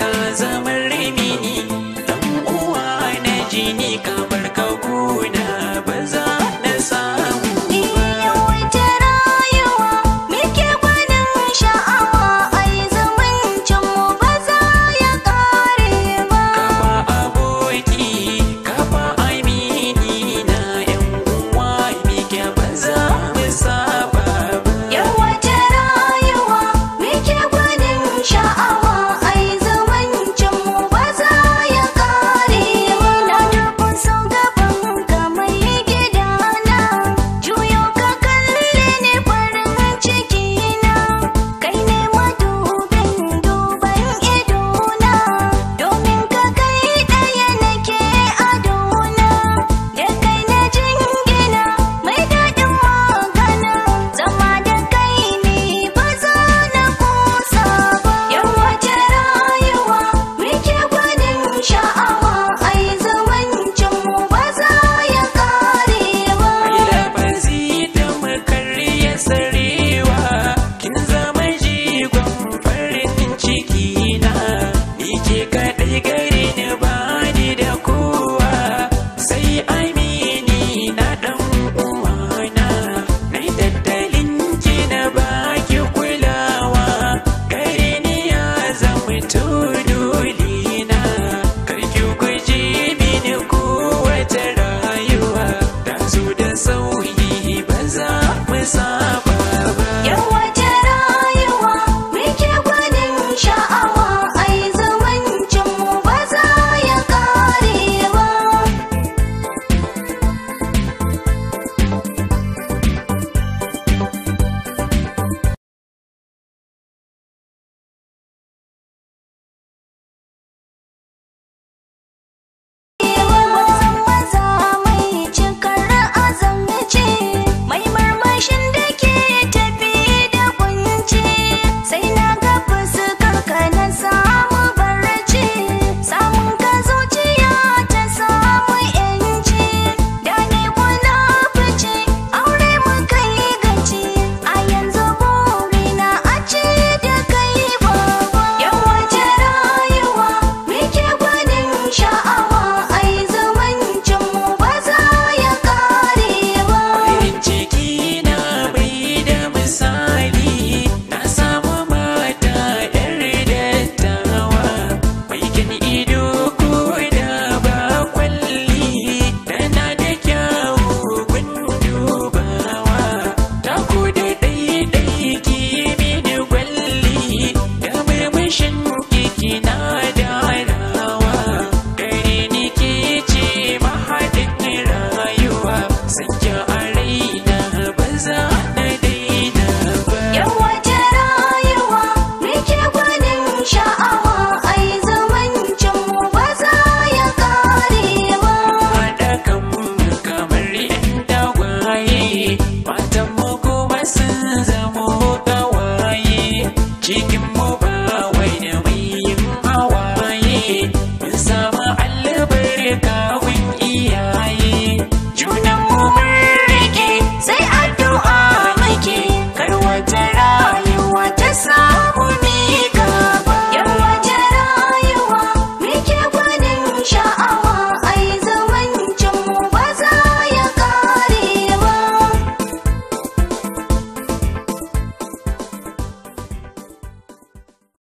ka zama raini dan uwa na jini kamar ka kuna baza. cikin mu ba wai da mai hawaye mun samu albarka wun iya